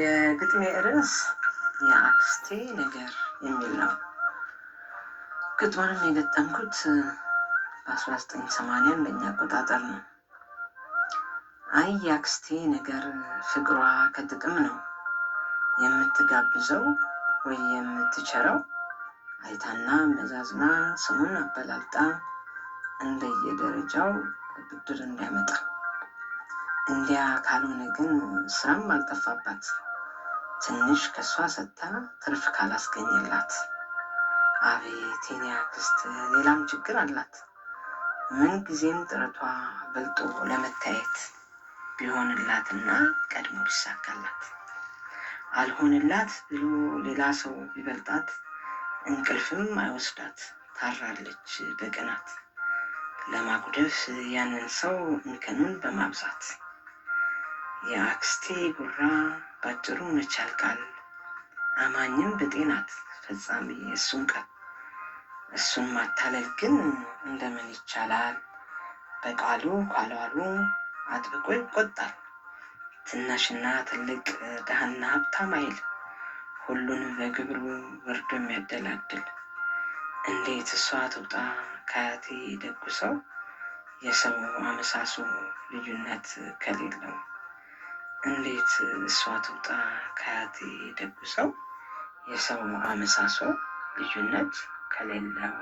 የግጥሜ ርዕስ የአክስቴ ነገር የሚል ነው። ግጥሙንም የገጠምኩት በአስራ ዘጠኝ ሰማንያ አቆጣጠር ነው። አይ የአክስቴ ነገር ፍቅሯ ከጥቅም ነው የምትጋብዘው ወይ የምትቸረው አይታና መዛዝና ስሙን አበላልጣ እንደየደረጃው ብድር እንዳያመጣ እንዲያ ካልሆነ ግን ስራም አልጠፋባት ትንሽ ከእሷ ሰጥታ ትርፍ ካላስገኘላት አቤት የኔ አክስት ሌላም ችግር አላት። ምን ጊዜም ጥረቷ በልጦ ለመታየት ቢሆንላትና ቀድሞ ቢሳካላት፣ አልሆንላት ብሎ ሌላ ሰው ቢበልጣት እንቅልፍም አይወስዳት ታራለች በቅናት ለማጉደፍ ያንን ሰው እንከኑን በማብዛት የአክስቴ ጉራ ባጭሩ መቻል ቃል አማኝም በጤናት ፈጻሚ እሱን ቃል እሱን ማታለል ግን እንደምን ይቻላል? በቃሉ ኳሏሉ አጥብቆ ይቆጣል። ትናሽና ትልቅ ድሃና ሀብታም አይል ሁሉንም በግብሩ ወርዶ የሚያደላድል እንዴት እሷ ትውጣ ከአያቴ ደጉ ሰው የሰው አመሳሱ ልዩነት ከሌለው እንዴት እሷ ትውጣ ከያቴ ደጉ ሰው የሰው አመሳሶ ልዩነት ከሌለው